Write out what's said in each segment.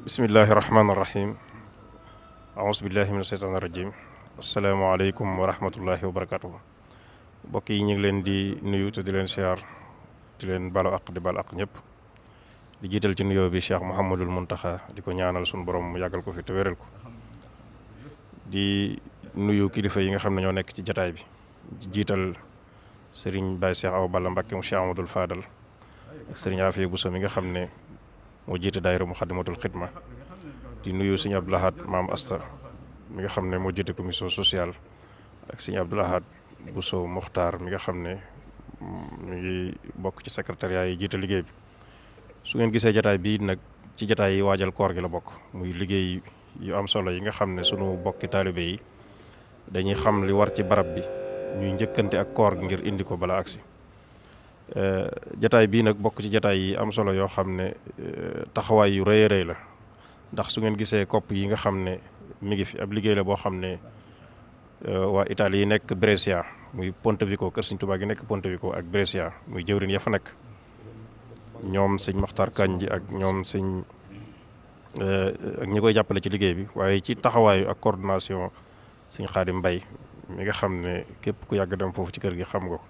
bismillahi rahmaani rahim aousubillahi mina sheytaani wa rahmatullahi wa barakatuhu yi ñu ngi leen di nuyu te di leen siyaar di leen balu aq di balu aq ñëpp di jiital ci nuyoo bi Cheikh Mouhamadul Muntaxa di ko ñaanal suñu borom mu yàggal ko fi te wéral ko di nuyu kilifa yi nga xam ne ñoo nekk ci jataay bi di jiital sëriñ Baye Cheikh Awa Balla Mbàkke mu Cheikh Amadul Fadal ak sëriñ Afia Bousso mi nga xam ne moo jiite daayira Muxaddamatul Xidma di nuyu sëñ Abdou Lahad maam Asta mi nga xam ne moo jiite commission sociale ak sëñ Abdou Lahad Bousso Mokhtar mi nga xam ne mi ngi bokk ci secrétariat yi jiite liggéey bi su ngeen gisee jataay bii nag ci jataay yi waajal koor gi la bokk muy liggéey yu am solo yi nga xam ne sunu bokki taalibe yi dañuy xam li war ci barab bi ñuy njëkkante ak koor ngir indi ko bala agsi Euh, jataay bii nag bokk ci jataay yi am solo yoo xam ne euh, taxawaay yu rëy a la ndax su ngeen gisee kopp yi nga xam ne mi ngi fi ab liggéey la boo xam ne euh, waa Italie yi nekk Brescia muy Pontevico kër Sëñ Tuubaa gi nekk Pontevico ak Brescia muy jëwrin ya fa nekk ñoom sëñ Maxtaar Kanji ak ñoom sëñ ak ñi koy jàppale ci liggéey bi waaye ci taxawaayu ak coordination sëñ Xaadim Mbay mi nga xam ne képp ku yàgg dem foofu ci kër gi xam nga ko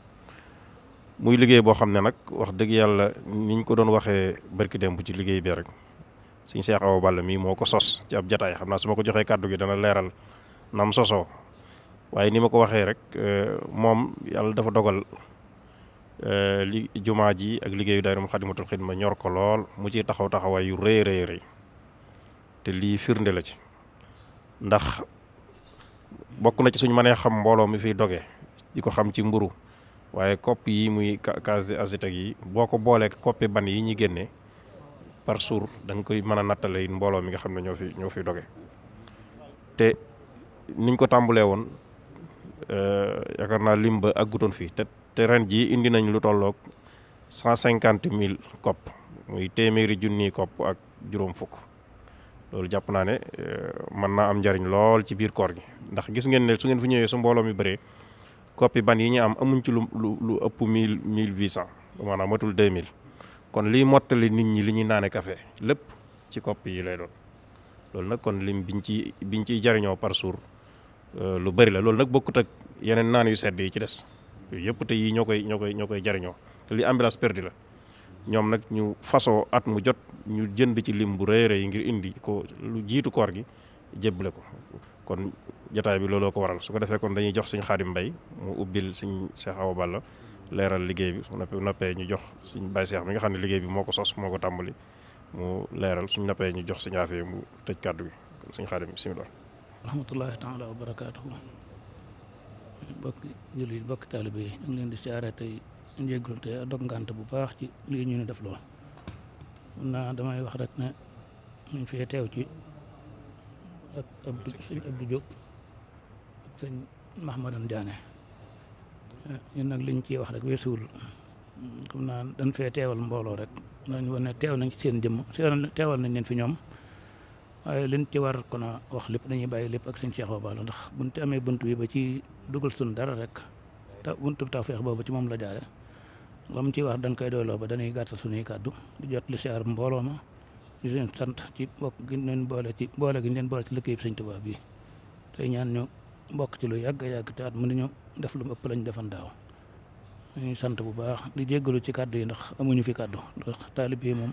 muy liggéey boo xam ne nag wax dëgg yàlla niñ ko doon waxee barki dem bu ci liggéey bi rek suñ Cheikh Awa mii moo ko sos ci ab jataay xam naa su ma ko joxee kàddu gi dana leeral naam sosoo waaye ni ma ko waxee rek euh, moom yàlla dafa dogal euh, li jumaa ji ak liggéeyu daayira Muxaddamatul ma ñor ko lool mu ci taxaw taxawaay yu rëy rëy rëy te lii firnde la ci ndax bokk na ci ma nee xam mbooloo mi fi doge di ko xam ci mburu waaye kopp yi muy case azitec yi boo ko boolee koppi ban yi ñuy génnee par jour danga koy mën a nattale mbooloo mi nga xam ne ñoo fi ñoo fi doge te niñ ko tàmbalee woon euh, yaakaar naa lim ba àggutoon fii te te ren jii indi nañ lu tollook cent cinquante mille kopp muy téeméeri junni kopp ak juróom fukk loolu jàpp naa ne euh, mën naa am njariñ lool ci biir koor gi ndax gis ngeen ne su ngeen fi ñëwee su mbooloo mi bëree copie ban yi ñu am amuñ ci lu lu lu ëpp mille mille huit cent maanaam matul deux mille kon liy mottali nit ñi li ñuy naane café lépp ci copie yi lay doon loolu nag kon lim biñ ci biñ ciy jariñoo par jour euh, lu bari la loolu nag bokkut ak yeneen naan yu sedd yi ci des yooyu yëpp te yii ñoo koy ñoo koy ñoo koy jariñoo te li ambulance perdu la ñoom nag ñu façon at mu jot ñu jënd ci lim bu rëy rëy ngir indi ko lu jiitu koor gi jébbale ko kon jataay bi looloo ko waral su ko defee kon dañuy jox suñ xaadim mbay mu ubbil suñ Cheikh Awa Balla leeral liggéey bi su noppee ñu jox suñ Baye Cheikh mi nga xam ne liggéey bi moo ko sos moo ko tàmbali mu leeral suñ noppee ñu jox suñ affaire mu tëj kàddu gi kon suñ xaadim bisimilah. rahmatullahi taala wa barakaatu bokk jullit bokk taalibe yi ñu leen di siyaare tey njéggalu te dog ngante bu baax ci lii ñu ne def lool naa damay wax rek ne ñu teew ci. ak Abdou sëñ Abdou Diop ak sëñ Mahmadan Diané ñun nag liñ ciy wax rek weesuwul xam naa dañ fee teewal mbooloo rek nañ war ne teew nañ ci seen jëmm teewal nañ leen fi ñoom waaye liñ ci war kon wax lépp dañuy bàyyi lépp ak sëñ Cheikh Obalo ndax buñ ci amee bunt bi ba ci dugal suñ dara rek ta buntu taw feex boobu ci moom la jaare lam ci wax dañ koy doyloo ba dañuy gàttal suñuy kàddu di jot li siyaar mbooloo ma di sant ci bokk gi leen boole ci boole gi leen boole ci liggéey bi sëñ Tuubaa bi tey ñaan ñu mbokk ci lu yàgg yàgg te at mënuñu def lu ëpp lañu defan daaw ñuy sant bu baax di jéggalu ci kàddu yi ndax amuñu fi kàddu ndax taalib yi moom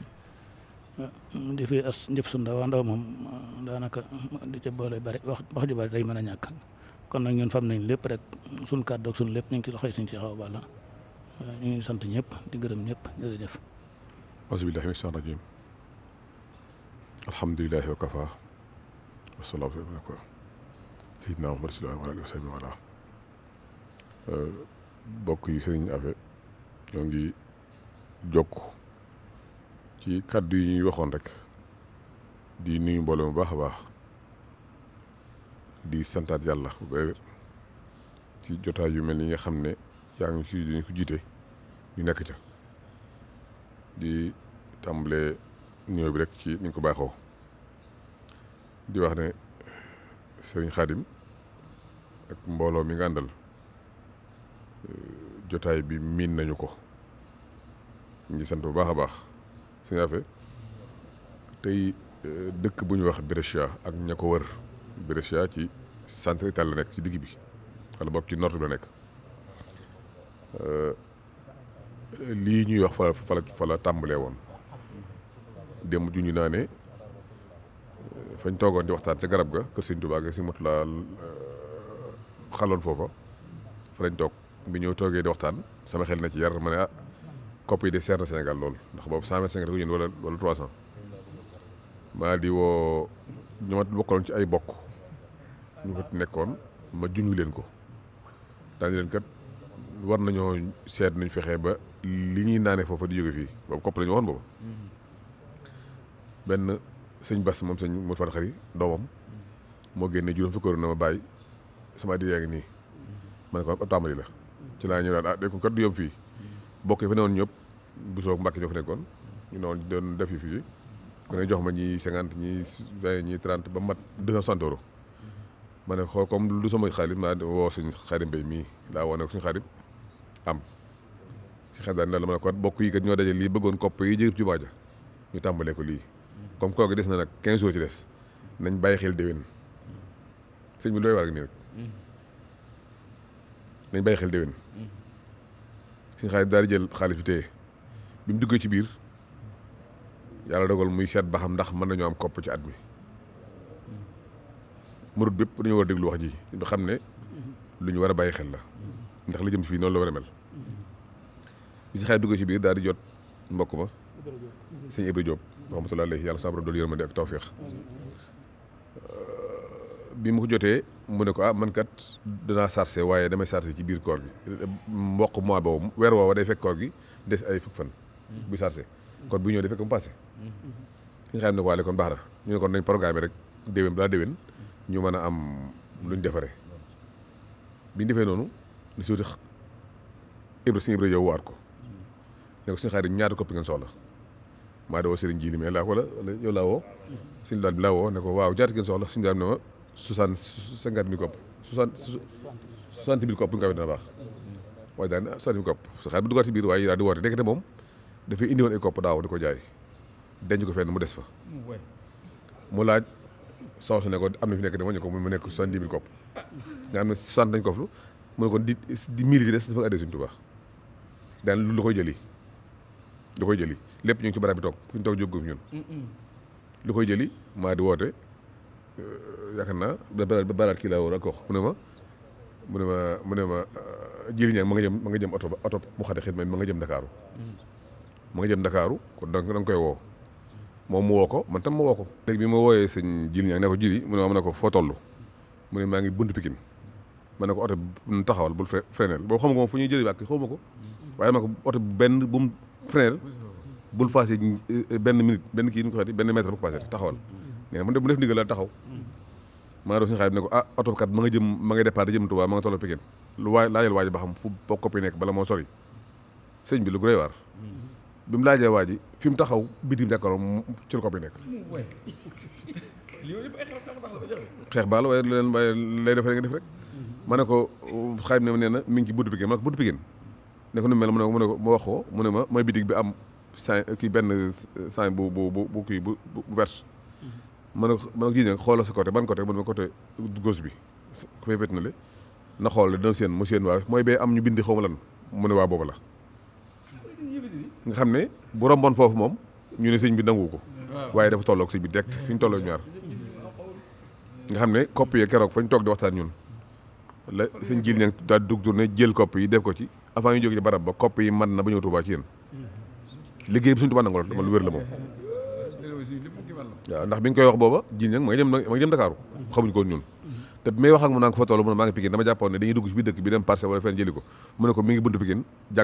dafay ah, as njëf su ndaw ndaw moom ah, daanaka di ca boole bari wax wax ju bari day mën a ñàkk kon nag ñun fam nañ lépp rek suñ kàddu ak lépp ñu ngi ci loxoy suñ Seex Awa Balla ñu ngi sant ñëpp di gërëm ñëpp jërëjëf. auzu billaahi mina alhamdulilahi wa kafa wasalaatu sayidna Muhammad sallallahu alayhi wa sallam wala bokk yi sëriñ Afe ñoo ngi jokk ci kàddu yi ñuy waxoon rek di nuyu mbooloo mu baax a baax di santaat yàlla bu baax ci jotaay yu mel ni nga xam ne yaa ngi ci dañ ko jiite ñu nekk ca di tàmbalee nuyoo bi rek ci nuñ ko baaxoo di wax ne sëriñ Xaadim ak mbooloo mi nga àndal eh, jotaay bi miin nañu ko ñu sant bu baax a baax suñu affaire tey eh, dëkk bu ñu wax Brescia ak ña ko wër Brescia ci centre Italie la nekk ci digg bi wala boog ci nord bi la nekk eh, lii ñuy wax fa la fa tàmbalee woon. démb juñu naa ne euh, fañ toogoon di waxtaan ca garab ga kër Sëñ Tuubaa ga si matu laa xaloon foofa fa lañ toog bi ñëw toogee di waxtaan sama xel na ci yar ma ne ah kopp yi de seer na Sénégal lool ndax boobu cent vingt cinq ko jënd wala wala trois maa di woo ñu ma ci ay bokk ñu ko nekkoon ma juñu leen ko daañu leen kat war nañoo seet nañ fexee ba li ñuy naanee foofa di jóge fii boobu kopp la ñu waxoon boobu benn sëñ Bass moom sëñ Mor Fadal Xari doomam moo génne juróom fukki euro na ma bàyyi sama di yaa ngi nii ma ne tàmbali la ci laa ñëw daal ah dégg kat du yom fii bokk yi fa newoon ñëpp bu soog Mbàkke ñoo fa nekkoon ñu newoon doon def yi fii ku ne jox ma ñi cinquante ñi vingt ñi ba mat deux cent soixante ma ne xool comme lu sama xaalis ma woo suñ xaarim mbay mii daa woo ko suñu am si xel daal la ma bokk yi kat ñoo daje lii bëggoon kopp yi jërëjëf ci waaja ñu tàmbalee ko lii comme koor gi des na nag 15 jours ci des nañ bàyyi xel déwén sëñ bi doy waar nii rek nañ bàyyi xel déwén suñ xaalis daal di jël xaalis bi téye bi mu duggee ci biir yàlla dogal muy seet ba xam ndax mën nañoo am kopp ci at mi murut bépp dañoo war a déglu wax ji ñu xam ne lu ñu war a bàyyi xel la ndax la jëm fii noonu la war a mel bi si xaalis duggee ci biir daal di jot mbokk ma sëñ Ibra Diop rahmatulah alayhi yàlla sabra doolu yërmande ak tawfiq euh, bi mu ko jotee mu ne ko ah man kat danaa sarse waaye damay sarse ci biir koor gi mboq mois boobu weer woowa day fekk koor gi des ay fukk fan bu sarse kon bu ñëw day fekk mu passé ñu xam ne ko waale kon baax na ñu ne kon nañ programme rek déwén balaa déwén ñu mën a am luñ defaree bi ñu defee noonu li suuti Ibra si Ibra yow waat ko ne ko suñu xaar yi soxla maa da woo Serigne Djili mais laa ko la yow laa woo suñu daal bi laa woo ko waaw jaata ngeen soxla suñ daa bi ne ma soixante cinquante mille kopp soixante soixante mille kopp bu ñu ko amee dina baax waaye daal sa xaar bi dugaat si biir waaye daal di woote ndekete moom dafay indi woon ay kopp daaw di ko jaay denc ko fenn mu des fa mu laaj soxna su ne ko am na fi nekk de ma ñu mu nekk soixante dix mille kopp nga am ne soixante nañ kopp lu mu ne kon di mille yi des dafa adhé suñu Tuubaa daan lu la koy jëli lu koy jëli lépp ñu ci barab bi toog fu ñu toog jóg fi ñun. lu koy jëli maa di woote euh, yaakaar naa ba baraat kii la war a ko mu ne ma mu ne ma mu ne ma euh, jëli ñaar ma nga jëm ma nga jëm oto ba oto bu xate xit nga jëm Ndakaaru. ma nga jëm Ndakaaru kon da koy woo moom mu ko man tam ma woo ko. léegi ma wooyee sëñ jëli ñaar ne ko jëli mu maa ngi bunt Pikine ma ne ko oto taxawal bul fre frenel boo xam nga fu ñuy jëli wàkk xaw ma ko waaye ma ko oto benn bu frère bul passé euh, benn minute benn kii ñu ko waxee benn mètre bu ko passé taxawal nee na mu def mu def ndigal la taxaw maa doon suñu ne ko ah oto kat ma nga jëm ma nga départ jëm Touba ma nga tolloo Pikine lu waay laajal waa ji ba xam fu bokk koppi nekk bala moo sori sëñ bi lu gërëy waar bi mu laajee waa ji fi mu taxaw bitim nekkalo ci lu koppi nekk xeex baal waaye leen waaye lay def nga def rek ma ne ko xarit ne nee na mi ngi ci buntu Pikine ma ne ko buntu ne ko mel ne mu ne ko ma wax ko mu ne ma mooy bitig bi am saa kii benn saa bu bu bu kii bu bu vert. Mm-hmm. ma ne ko ma ne ko gis xoolal sa côté ban côté mu ne ma côté gauche bi fee bett na le na xool dina seen mu seen waa mooy bee am ñu bindi xaw ma lan mu ne waa boobu la. nga xam ne bu romboon foofu moom ñu ne sëñ bi nangu ko. waaye dafa tolloog sëñ bi direct fi ñu tolloog ñaar. nga xam ne kopp yi keroog fañ toog di waxtaan ñun la sëñ jil ñang daal dugg ne jël kopp yi def ko ci avant ñu jóge ci barab ba kopp yi man na ba ñëw Touba ci yéen liggéey bi suñu Touba nangol lu wér la moom waaw ndax bi nga koy wax booba ji nag ma ngi dem ma ngi dem Dakaaru ko ñun te wax ak mu ko fa toll mu ne maa ngi Pikine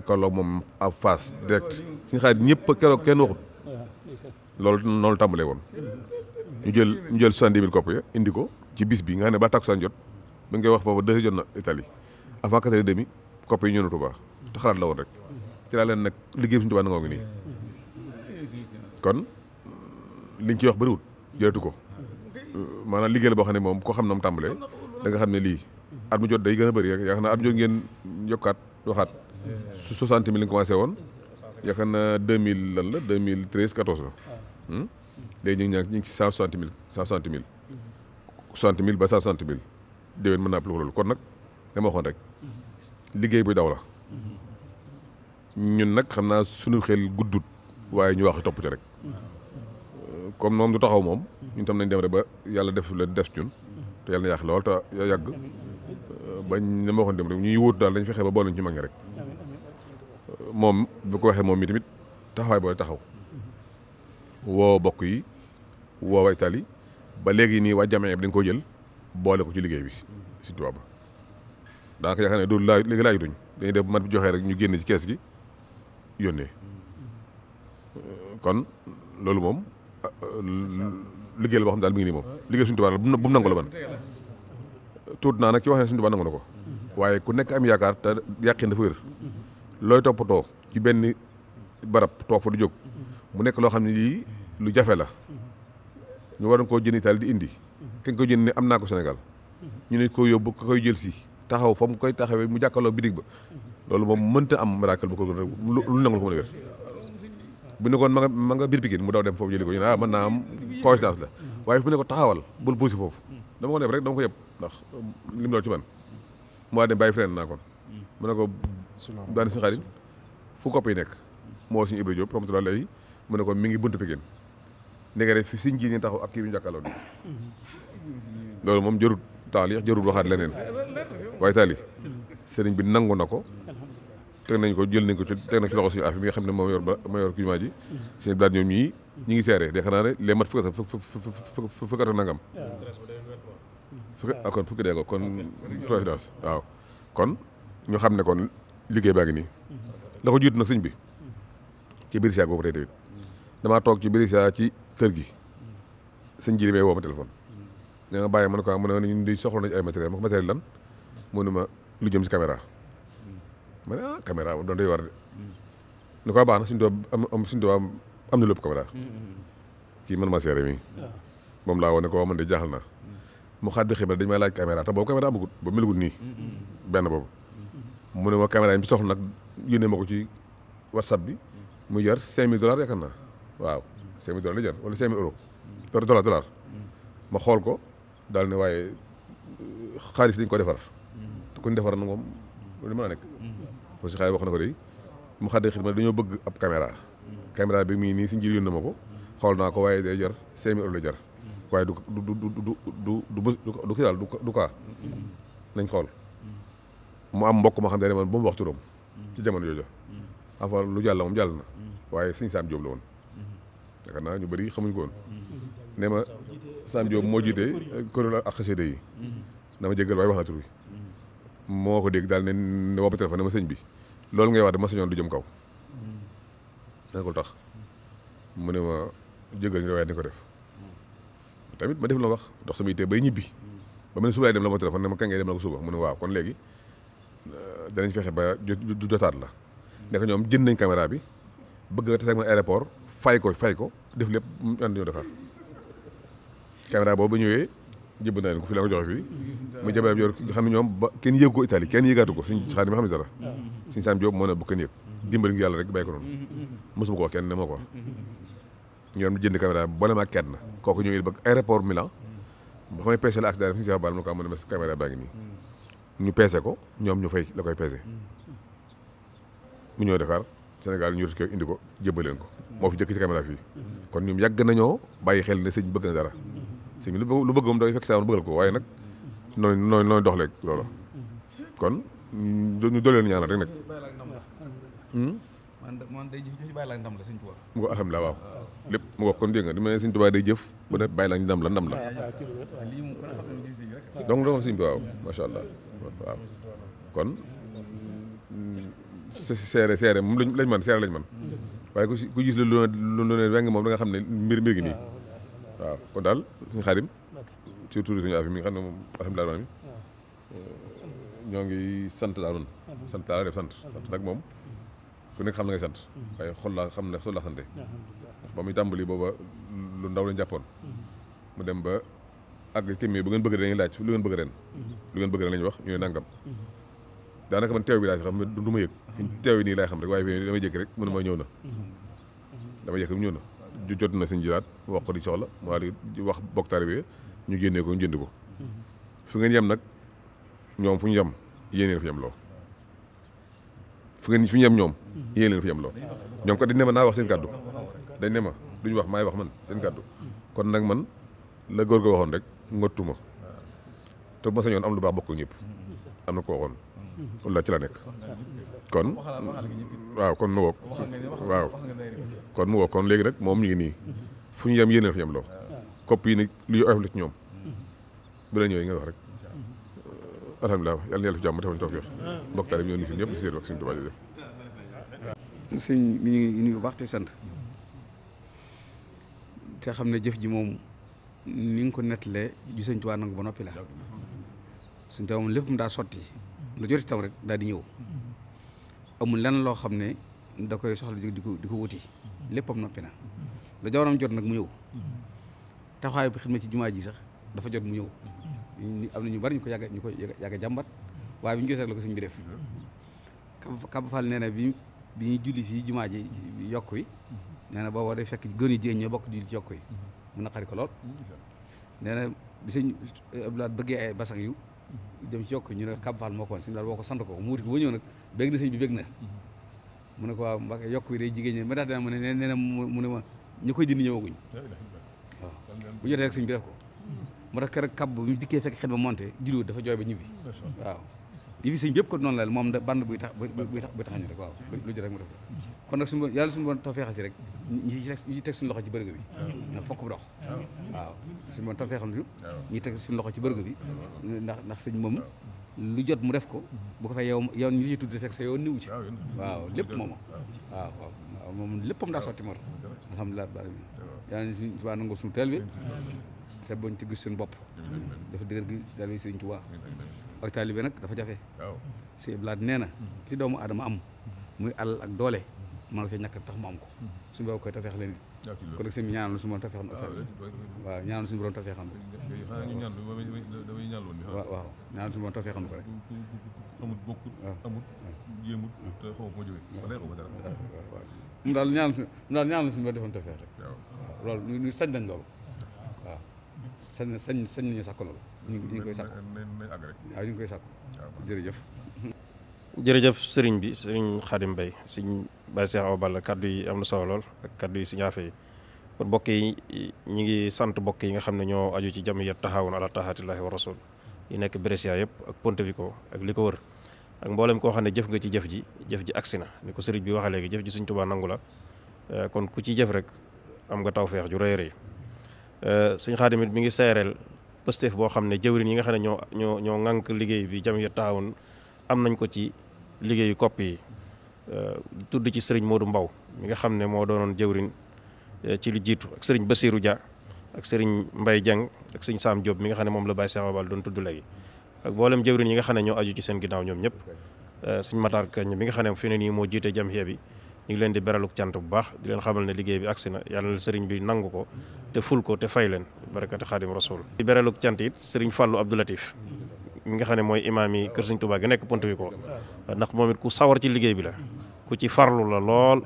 moom à ñëpp keroog kenn waxut loolu noonu tàmbalee woon ñu jël ñu jël soixante-dix mille kopp ya indi ko ci bis bi nga xam ne ba takkusaan jot mi ngi koy wax foofu deux jot na Italie avant kopp yi ñëw na Touba te xalaat la woon rek ci laa leen nag liggéey bi suñu Touba nangoo ngi nii kon liñ ciy wax bëriwut jëletu ko maanaam liggéey la boo xam ne moom koo xam na mu tàmbalee da nga xam ne lii at mu jot day gën a bëri yaakaar naa at mu jot ngeen yokkaat waxaat su soixante mille lañ commencé woon yaakaar naa deux mille lan la deux mille treize quatorze la hmm? léegi ñu ngi ñaa ñu ngi ci cent soixante mille cent soixante mille soixante mille ba cent soixante mille déwén mën naa plus loolu kon nag dama waxoon rek liggéey buy daw la ñun nag xam naa suñu xel guddut waaye ñu wax topp ci rek comme moom du taxaw moom ñu tam nañ dem rek ba yàlla def la def ñun te yàlla na yàq lool te yàgg ba ñu ma waxoon dem rek ñuy wóotu daal dañ fexee ba boole ci mag ñi rek moom bu ko waxee moom mi tamit taxawaay booy taxaw woo bokk yi woo waytaal yi ba léegi nii waa Jami dañ ko jël boole ko ci liggéey bi si tubaab daanaka yaakaar ne doolu laaj léegi laaj duñ dañuy def mat bi joxee rek ñu génn ci kees gi yónnee kon loolu moom liggéey la boo xam daal mi ngi nii moom liggéey suñu tubaab bu mu nangu la man tuut naa nag ci wax ne suñu tubaab nangu ko waaye ku nekk am yaakaar te yàqin dafa wér looy toppatoo ci benn barab toog fa du jóg mu nekk loo xam ne lii lu jafe la ñu waroon koo jën Italie di indi kenn ko jën ni am naa ko Sénégal ñu ne ko yóbbu ka koy jël si taxaw fa mu koy taxawee mu jàkkaarloo bitig ba loolu moom mënta am miracle bu ko gën a lu nangul ko mën a wér bu ne koon ma nga ma nga biir Pikine mu daw dem foofu jëli ko ñu ne ah mën naa am coïncidence la waaye fu mu ne ko taxawal bul buusi foofu dama ko nepp rek dama ko yëpp ndax li mu doon ci man mu waa dem bàyyi feneen naa kon mu ne ko daani si xarit fu kopp yi nekk moo suñu Ibra Diop promoteur lay mu ne ko mi ngi buntu Pikine ndege rek fi siñ ji ni taxaw ak kii bi ñu jàkkaarloo loolu moom jarut taal yéex jarut waxaat leneen waaye taali sëriñ bi nangu na ko teg nañ ko jël nañ ko ci teg nañ ci loxo suñu affaire bi nga xam ne moo yor moo yor jumaa ji sëriñ daal ñoom ñii ñi ngi seere de xanaa ne les mat fukk at fukk at nangam fukk ah, kon fukki dee ko kon ñu xam ne kon liggéey baa ngi nii la ko jiitu nag sëñ bi ci biir Birisia boobu tey tamit damaa toog ci Birisia ci kër gi sëñ ji li may woo ma téléphone. da nga bàyyi ma ne ko ah mu ne ñu di soxla nañ ay matériel ma ko matériel lan mu ne ma lu jëm si kamera ma ne ah caméra doon day war de ni ko ah, baax na suñu doom am suñu doom am na lépp caméra kii man ma seere mi moom laa woon ne ko man de jaaxal na mu xaat bi xibaar dañ may laaj caméra te boobu caméra amagut ba melugul nii benn boobu mu ne ma caméra yi mu soxla nag yónnee ma ko ci whatsapp bi mu jar cinq mille dollars yaakaar waaw cinq mille dollars la jar wala cinq mille euros dollar dollar ma xool ko daal ne waaye xaalis dañ ko defar kuñ defar na moom lu mën a nekk. aussi xaay wax na ko de mu xaddee xidma dañoo bëgg ab kamera caméra bi mii nii si njëriñu na ma ko. xool naa ko waaye day jar cinq mille euros la jar. waaye du du du du du daal du kaa nañ xool mu am mbokk moo xam ne man ba mu wax turam ci jamono jooju enfin lu jàll moom jàll na waaye sëñ Saam Jóob la woon yaakaar naa ñu bëri xamuñ ko woon ma Saam Jóob moo jiite kuréel ak xasida yi dama jéggal waaye wax wi moo ko dégg daal ne woo ma ne ma sëñ bi loolu ngay wax dama sañoon du jëm kaw. dana ko tax mu ne ma jëgal ñu waaye ni ko def tamit ma def la wax dox sama yitte bay ñibbi ba mu ne suba dem la ma téléphone ne ma kañ ngay dem la ko suba mu ne waaw kon léegi euh, danañ fexe ba du jotaat la. ne ñoom jënd nañ caméra bi bëgg nga tase ak man aéroport fay ko fay ko def lépp ñu ànd ñu defar caméra boobu ñëwee. jëbb naa leen ko fi la ko joxe fii mu jabaram yor nga xam ne ñoom ba kenn yëg ko Italie kenn yëgaatu ko suñ xaar yi ma xam ne dara suñ saam Joob moo ne bu kenn yëg dimbali ngi yàlla ko ko wax kenn ne moo ko wax ñoom jënd caméra boole ma kenn kooku ñëw ba aéroport Milan ba may peese la accident suñu si baal ma ne ko amoon ah, na caméra baa ngi nii ñu peese ko ñoom ñu fay la koy peese mu ñëw Dakar Sénégal ñu indi ko jëbbaleen ko moo fi jëkk ci caméra fii kon ñoom yàgg nañoo bàyyi xel ne sëñ bëgg na sëñ bi lu bëgg lu bëgg moom dafay fekk saa bëggal ko waaye nag nooy nooy nooy dox léegi loolu kon ñu dooleel ñaanal rek nag. Hmm? man man day jëf ci bàyyi la ndam la sëñ Tuubaa. waaw lépp mu ko kon dégg nga ma ne sëñ Tuubaa day jëf bu ne bàyyi la ndam la ndam la. donc donc sëñ bi waaw macha allah waaw kon hmm, seere seere moom lañ lañ man seere lañ man hmm. waaye ku lu lu ne weng moom da nga xam ne mbir mbir nii. waaw kon daal suñu xarim ci tuuti suñu affaire mi nga xam ne moom alhamdulilah mi ñoo ngi sant daal noonu sant daal def sant sant nag moom ku nekk xam na ngay sant mm-hmm. waaye xol laa xam ne xol laa sante ndax ba muy tàmbali booba lu ndaw lañ jàppoon mm-hmm. mu dem ba ak kémee bu ngeen bëgg ren laaj lu ngeen bëgg mm-hmm. lu ngeen bëgg ñuy wax ñu ne nangam daanaka man teew bi laa fi xam du ma yëg fi teew yi nii laay xam rek waaye fi damay jékki rek mënu ma ñëw na damay jékki rek ñëw na ju jot na sëñ jilaat wax ko di soxla waa di wax boktaar bi ñu génnee ko ñu jënd ko fi ngeen yem nag ñoom fu ñu yem yéeneen fi loo fu ngeen fi yem ñoom yéeneen fi yem loo ñoom kat dañ ne ma naa wax seen kàddu dañ ne ma duñu wax maay wax man seen kàddu kon nag man la góor ga waxoon rek ngottuma te bu ma sañoon am lu baax bokk ñëpp am na ko waxoon walla ci la nekk kon waaw kon mu woo kon léegi nag moom ñu ngi nii fu ñu yem yéen a fa yem loo kopp yi ni luy oyof la ci ñoom bu la ñëwee nga wax rek alhamdulilah yàlla na yàlla fi jàmm tefañ toog yox mbokk bu baax te sant te xam ne jëf ji moom ni ko nettalee ju sëñ Tuubaa nangu ba noppi la sëñ Tuubaa lépp mu daa sotti lu joti taw rek daal di ñëw amul lenn loo xam ne da koy soxla di ko di ko wuti léppam noppi na lu jawaram jot nag mu ñëw taxawaay bi xidma ci jumaa ji sax dafa jot mu ñëw am na ñu bari ñu ko yàgg ñu ko yàgg jàmbat waaye bi ñu jotee la ko sëñ bi def Kaba Fall nee na bi bi ñuy julli fii jumaa ji yokk wi nee na booba day fekk gën yi jigéen ñoo bokk julli ci yokk wi mu naqari ko lool nee na bi sëñ Abdoulaye bëggee ay basang yu dem ci yokk ñu ne Kab Fall moo ko woon sëñ ko sant ko mu wuti ko ba ñëw nag bég na sëñ bi bég na mu ko waaw mbaa yokk wi day jigéen ñi ma tax dana mu ne nee na mu ne ñu koy dindi bu jotee rek sëñ bi ko moo tax keroog kab dikkee fekk xel ba monté julliwut dafa jooy ba ñibbi waaw yi fi sëñ bépp ko noonu la moom da band buy tax buy tax buy tax ñu rek waaw lu jot rek mu def kon nag suñu yàlla suñu bon ñi teg suñu loxo ci bërëg bi ndax fokk bu dox waaw suñu bon ñi teg suñu loxo ci bërëg bi ndax ndax sëñ moom lu jot mu def ko bu ko fay yow yow ñu ci tudd fekk sa yow niw ci waaw lépp mooma waaw waaw moom léppam daa sotti mor alhamdulilah rabbil alamin yàlla na suñu Tuubaa nangu suñu teel bi te bañ ci gis seen bopp dafa dëgër gi teel bi sëñ Tuubaa ak taalibe nag dafa jafe sëñ blaat nee na li doomu adama am muy alal ak doole man ko ca ñàkk tax mu am ko suñu borom koy tafeex leen kon nag sëñ bi ñaanal suñu borom tafeexam waaw ñaanal suñu borom tafeexam waaw waaw ñaanal suñu borom ko rek amul bokkul amul jéemul te xaw ma jóge wala xaw ma dara mu daal ñaanal suñu mu daal ñaanal suñu borom defoon tafeex rek ñu sañ nañ loolu sañ sañ sañ ngi koy sàkku waaw koy sàkku jërëjëf jërëjëf sëriñ bi sëriñ Xaadim Bay sëriñ Bay Seex Awa Balla kàddu yi am na solo lool ak kàddu yi si ñaafe kon mbokk yi ñu ngi sant mbokk yi nga xam ne ñoo aju ci jamiyat taxawun ala taxaatillahi wa rasul yi nekk Brescia yëpp ak Pontevico ak li ko wër ak mboolem koo xam ne jëf nga ci jëf ji jëf ji agsi na ni ko sëriñ bi waxee léegi jëf ji Sëriñ Tuubaa nangu la eh, kon ku ci jëf rek am nga taw tawfeex ju rëy rëy eh, sëñ Xaadim it ngi seereel pësteef boo xam ne jëwriñ yi nga xam ne ñoo ñoo ñoo ŋànk liggéey bi jam yu taawun am nañ ko ci liggéeyu kopp yi euh, tudd ci sëriñ Modou Mbaw mi nga xam ne moo doonoon jëwrin euh, ci li jiitu ak sëriñ Basirou Dia ak sëriñ Mbaye Dieng ak sëriñ Sam Diop mi nga xam ne moom la Baye Cheikh Babal doon tudd léegi ak mboolem jëwrin yi nga xam ne ñoo aju ci seen ginnaaw ñoom ñëpp euh, sëriñ Matar Kañ mi nga xam ne fi ne nii moo jiitee jam bi ñu ngi leen di beraluk cant bu baax di leen xamal ne liggéey bi agsi na yàlla na sëriñ bi nangu ko te ful ko te fay leen barakati xaadim rasul di beraluk cant it sëriñ Fallou Abdou Latif mi nga xam ne mooy imaam yi kër sëriñ Touba gi nekk pont wi ko ndax moom it ku sawar ci liggéey bi la ku ci farlu la lool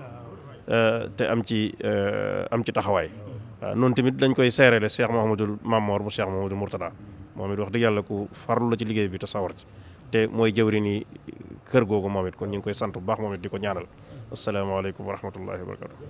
eh, te am ci eh, am ci taxawaay waaw eh, noonu tamit dañ koy seerele Cheikh Mouhamadul Mamour bu Cheikh Mouhamadul Mourtada moom it wax dëgg yàlla ku farlu la ci liggéey bi te sawar ci te mooy jëwri ni kër googu moom it kon ñu ngi koy sant bu baax moom di ko ñaanal asalaamaaleykum wa rahmatullahi wa barakatu